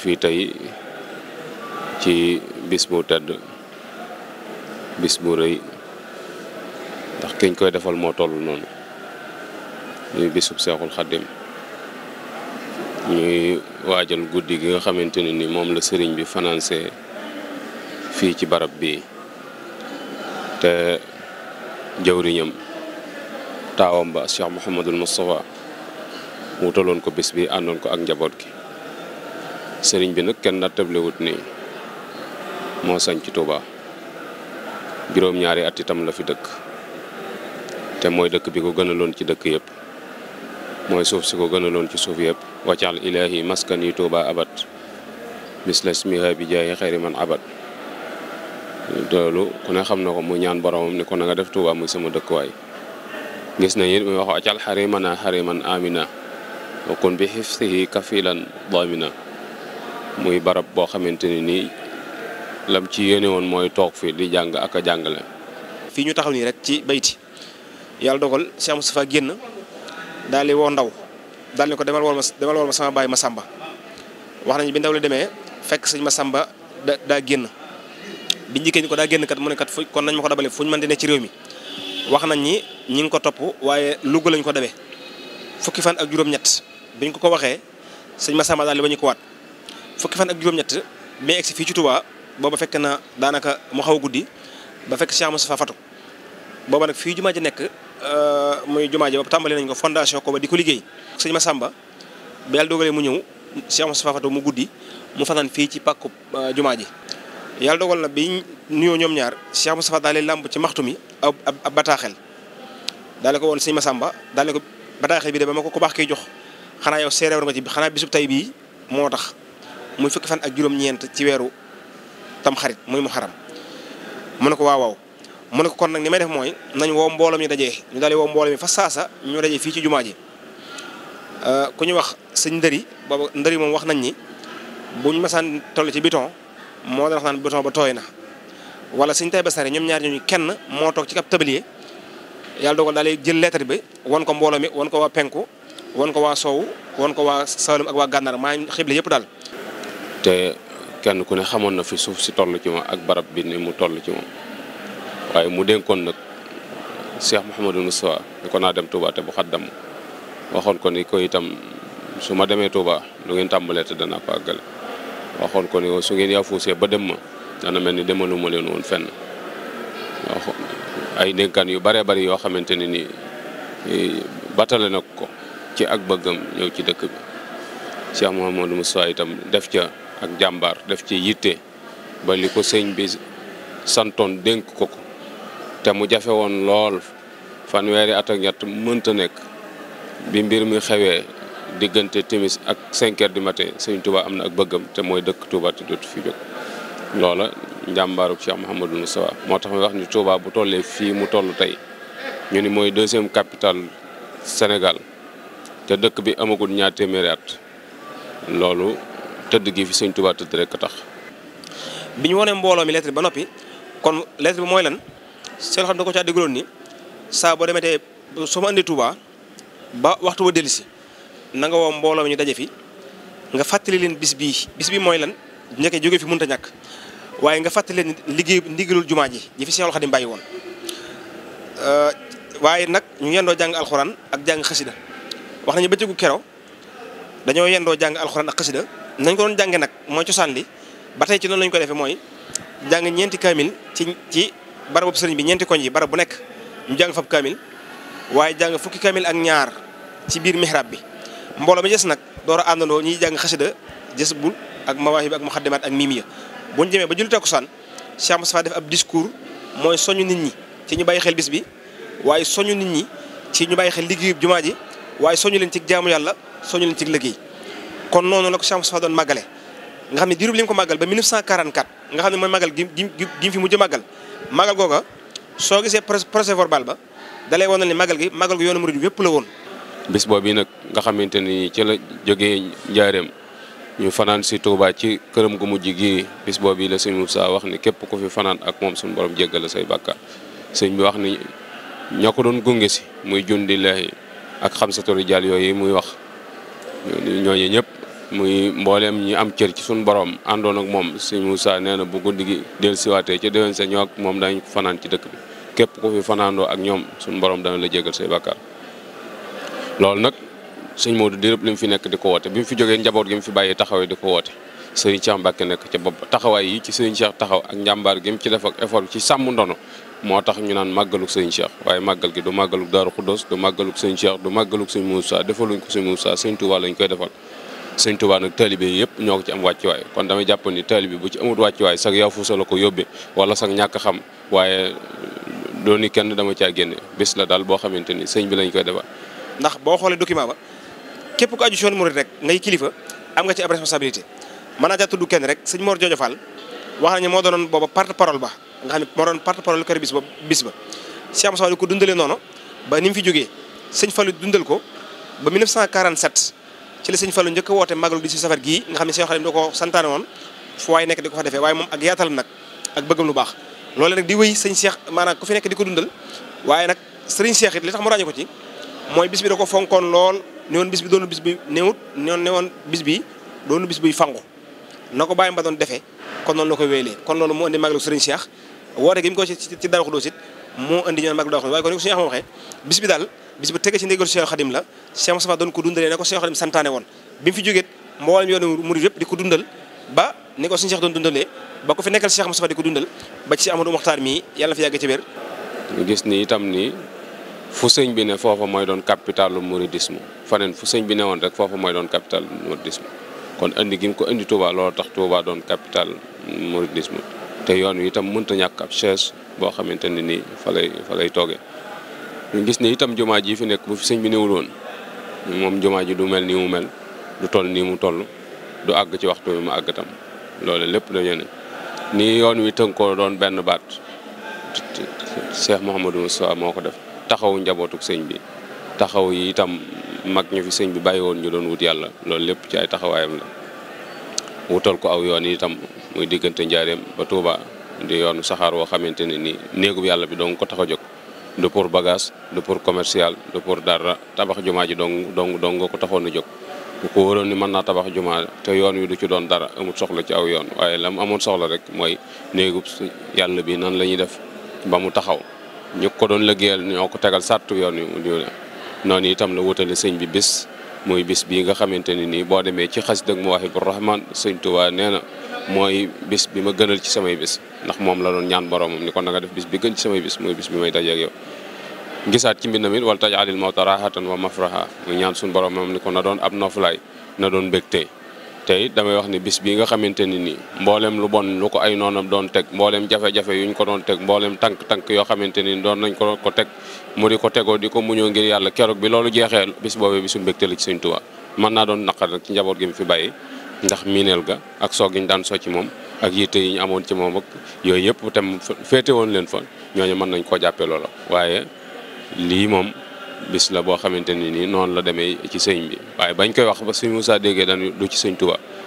fii tey ci bis bu tedd bis bu rëy ndax kiñ koy defal moo toll noonu ñuy bisub Seexul Xaddim ñuy waajal guddi gi nga xamante ne ni moom la sëriñ bi financé fii ci barab bi te jëwriñam taawam ba Cheikh Mouhamadul Moustapha wutaloon ko bis bi àndoon ko ak njaboot gi sëriñ bi nag kenn wut ni moo sañ ci Touba juróom-ñaari at itam la fi dëkk te mooy dëkk bi ko gënaloon ci dëkk yëpp mooy suuf si ko gënaloon ci suuf yëpp waccaal ilaahi maskan yi tuuba abat misla smiha bi jaayi xayri man abat loolu ku ne xam na ko mu ñaan boromam ni ko na nga def Touba muy sama dëkkuwaay gis nañu it muy wax waccaal xarimana man amina wa kun bi xifsihi kafilan damina muy barab bo xamanteni ni lam ci yene won moy tok fi di jang ak jangale fi ñu taxaw ni rek ci bayti yalla dogal Cheikh Moustapha genn daal di woo ndaw daal ni ko demal wol ma demal wol ma sama baay Massamba wax nañu bi ndaw li demee fekk sëñ Massamba da genn bi ñi ni ko da genn kat mu ne kat fu kon nañ mako dabalé fuñu man di ne ci rew mi wax nañ ni ñi ngi ko top waaye Louga lañ ko dabé fukki fan ak juroom ñet biñ ko ko waxee sëñ Massamba daal di bañ ko wat fukki fan ak juróom-ñett mais egsi fii ci Touba booba fekk na daanaka mu xaw a guddi ba fekk Cheikh Moustapha Fatou booba nag fii jumaa ji nekk euh, muy jumaa ji ba tàmbali nañ ko fondation ko ba di ko liggéey sëñ Massamba bi yàlla dogalee mu ñëw Cheikh Moustapha Fatou mu guddi mu fanaan fii ci pàkku euh, jumaa ji yàlla dogal na bi nuyoo ñoom ñaar Cheikh Moustapha daal di làmb ci maxtu mi ab ab bataaxel daal ko woon sëñ Massamba daal ko bataaxel bi de ba ma ko ko baax jox xanaa yow seerewoon nga ci xanaa bisub tay bii moo tax muy fukk fan ak juróom ñent ci tam xarit muy muharram xaram ko waaw waaw mu ko kon nak ni may def moy nañ wo mbolam mi dajé ñu dalé wo mbolam fa saasa ñu dajé fi ci jumaaji euh ku ñu wax señ ndëri boobu ndëri mom wax nañ ni buñ san tollu ci biton mo wax biton ba na wala señ tay ba sare ñoom ñaar ñu kenn mo tok ci kap tablier yalla dogal dalé jël lettre bi wan ko mbolam mi wan ko wa penku wan ko wa soowu wan ko wa salim ak wa gànnaar ma xibli yépp dal te kenn ku ne xamoon na fi suuf si toll ci moom ak barab bi ni mu toll ci moom waaye mu denkoon nag Cheikh Mouhamadou Moustapha ni ko naa dem Touba te bu xaddam waxoon ko ni su ma demee Touba lu ngeen tàmbalee te su ngeen ba dem ma dana mel ni demaluma leen woon fenn ay dénkaan yu baree bari yoo xamante ne ni e, batale na ko ci ak bëggam ñëw ci dëkk bi Cheikh Mouhamadou Moustapha itam def ca. ak jàmbaar def ci yitte ba ko sëñ bi santoon dénk ko ko te mu jafe woon lool fanweeri at ak mënta nekk bi mbir mi xewee diggante timis ak 5 heures du matin sëñ Touba am na ak bëggam te mooy dëkk Touba te dootu fi jóg loola njàmbaaru Cheikh Mouhamadou Moustapha moo tax mi wax ni Touba bu tollee fii mu toll tey ñu ni mooy deuxième capitale senegal te dëkk bi amagul ñaar téeméeri at loolu tedd gi fi seigne touba tedd rek tax. biñu woné mbolo mi lettre ba nopi kon lettre bi moy lan seen xam da ko caa gulon ni sa bo demé té suma andi touba ba waxtu ba delisi na nga wo mbolo mi ñu dajé fi nga fatali len bis bi bis bi moy lan njëkk jóge fi munta ñak waye nga fatali leen liggéey ndigalul jumaa ji ñi fi Seexul Xadim won euh waye nak ñu yendo jang alcorane ak jang khassida wax nañu bëccëgu kéro dañoo yendo jang alcorane ak khassida nañ ko doon jànge nag mooy cosaan li ba tey ci noonu lañ ko defee mooy jàng ñeenti kaamil ci ci barabu sëriñ bi ñeenti koñ yi barab bu nekk ñu jàng fab kaamil waaye jàng fukki kaamil ak ñaar ci biir mihrab bi mbooloo mi des nag door a àndandoo ñiy jàng xasida jës bul ak mawaahib ak muxaddimaat ak mimiya bu ñu demee ba julli takkusaan Cheikh Moustapha def ab discours mooy soñu nit ñi ci ñu bàyyi xel bis bi waaye soñu nit ñi ci ñu bàyyi xel liggéeyub jumaa ji waaye soñu leen ci jaamu yàlla soñu ci liggéey kon noonu la ko Cheikh Moustapha doon màggale nga xam ne diirub li mu ko màggal ba 1944 nga xam magal, magal màggal gi gi mu fi mujj màggal magal googa soo procès verbal ba dalay woon ne magal gi magal gu yoonu murid yëpp la won. bis boobu nag nga xamante ni ci la jógee njaareem ñu fanaan si Touba ci këram gu mujj gi bis boobu la sëñ Moussa wax ni képp ku fi fanaan ak moom suñu borom say bi wax ni gunge si muy jundi ak xam sa tori muy wax muy mbollem ñi am cër ci suñu borom andon ak moom seigne Moussa nee na bu guddigi gi del siwaatee ca déwén sa ñoo ak moom dañ fanan ci dëkk bi képp ku fi fanando ak ñom suñu borom dañ la jéggal sey bakkar lool nak seigne Modou dirëb lim fi nekk diko woté bimu fi joggé njaboot gi mu fi bayé taxawee diko woté seigne Cheikh Mbacke nekk ci bop taxaway yi ci seigne Cheikh taxaw ak njambar gi mu ci def ak effort ci sam ndono motax ñu naan magaluk seigne Cheikh waye magal gi du magaluk daru Xuddos du magaluk seigne Cheikh du magaluk seigne Moussa defaluñ ko seigne Moussa seigne Touba lañ koy defal sëñ Tuubaa nag taalibe yëpp ñoo ko ci am wàccuwaay waay damay jàpp ni taalibe bu ci amut wàccuwaay sax yaa fuusa la ko yóbbe wala sax ñàkk xam waaye dooni kenn dama caa génne bis la daal boo xamante ni sëñ bi lañ koy defar. ndax boo xoolee document ba képp ku aju si yoonu murid rek ngay kilifa am nga ci ab responsabilité mën naa caa tudd kenn rek sëñ Mor Jojo Fall wax nañu moo doonoon booba porte parole ba nga xam ne moo doon porte parole kër bis ba bis ba. Cheikh Moussa di ko dundalee noonu ba ni mu fi jógee sëñ Fallou dundal ko ba 1947. ci le seigne fallu ñëk wote magalu di ci safar gi nga xamni cheikh xalim da ko santaane woon fu way nek diko fa defé waaye mom ak yaatalam nak ak bëggum lu baax loolu nak di wëy seigne Cheikh manam ku fi nek diko dundal waye nak sëriñ Cheikh it li tax mu ràññee ko ci moy bis bi da ko fonkoon lool ne bis bi doon bis bi neewut newoon neewon bis bi doon bis bi fangu nako ko bàyyi doon kon non la koy kon non mo andi magalu sëriñ Cheikh wote gi mu ko ci ci Daaru Xudoos it moo ñoon magalu Daaru waye ko ni mo suñu bis bi dal bis bu tege ci ndigal Cheikh Khadim la Cheikh Moustapha doon ko dundalee na ko Cheikh Khadim santaane woon bi mu fi jógee mboolem yoonu yëpp di ko dundal ba ni ko suñu Cheikh doon dundalee ba ko fi nekkal Cheikh Moustapha di ko dundal ba ci Amadou Mokhtar mii yàlla na fi yàgg ci wér gis ni itam ni fu sëñ bi ne foofa mooy doon capitalu mouridisme faneen fu sëñ bi ne woon rek foofa mooy doon capitalu mouridisme kon indi gin ko indi Touba loolu tax Touba doon capital mouridisme te yoon wi itam mënta ñàkk ab chaise boo xamante ne nii fa lay fa lay toogee gis ne itam jumaa ji fi nekk bu fi sëñ bi néewul woon moom jumaa ji du mel nii mu mel du toll nii mu toll du àgg ci waxtu bi mu àgg tam loolu lépp dañu ne ni yoon wi tënkoo doon benn baat Cheikh Mouhamadou Moustapha moo ko def taxaw njabootuk sëñ bi taxaw yi itam mag ñu fi sëñ bi bàyyi woon ñu doon wut yàlla loolu lépp ci ay taxawaayam la wutal ko aw yoon itam muy diggante njaareem ba Touba di yoonu saxaar woo xamante ne ni néegub yàlla bi doon ko tax du pour bagage du pour commercial du pour dara tabax jumaa ji dong dong dong ko taxoon a jóg bu ko wóoroon ni mën naa tabax jumaa te yoon wi du ci doon dara amul soxla ci aw yoon waaye lam amoon soxla rek mooy néegub yàlla bi nan la ñuy def ba mu taxaw ñu ko doon liggéeyal ñoo ko tegal sàttu yoon wi noonu itam la wutale sëñ bi bis muy bis bii nga xamante ne nii boo demee ci xas dëgg mu waxi bu rahman sëñ Tuubaa nee na mooy bis bi ma gënal ci samay bis Nak mom la doon ñaan boromam ni kon na nga def bis bi gën ci samay bis moy bis bi may ak yow ngissat ci mbindam adil wala tajaalil mawta raahatan wa mafraha mu ñaan suñu mom ni kon na doon ab noflay na doon bekté tay damay wax ni bis bi nga xamanteni ni mbollem lu bon lu ko ay nonam doon tek mbollem jafé jafé yuñ ko doon tek mbollem tank tank yo xamanteni doon nañ ko ko tek mu di ko tego diko ko ngir yalla kérok bi lolu jexé bis boobee bisu mbégte la ci Sëñ nadoon man na doon naqar ci njabot gi fi ndax minel ga ak soog so ci mom ak yitte yi ñu amoon ci moom ak yooyu yëpp tam féete woon leen fa ñooñu mën nañ koo jàppee loola waaye lii moom bis la boo xamante ni nii noonu la demee ci sëñ bi waaye bañ koy wax ba sëñ Moussa déggee dañu du ci sëñ Touba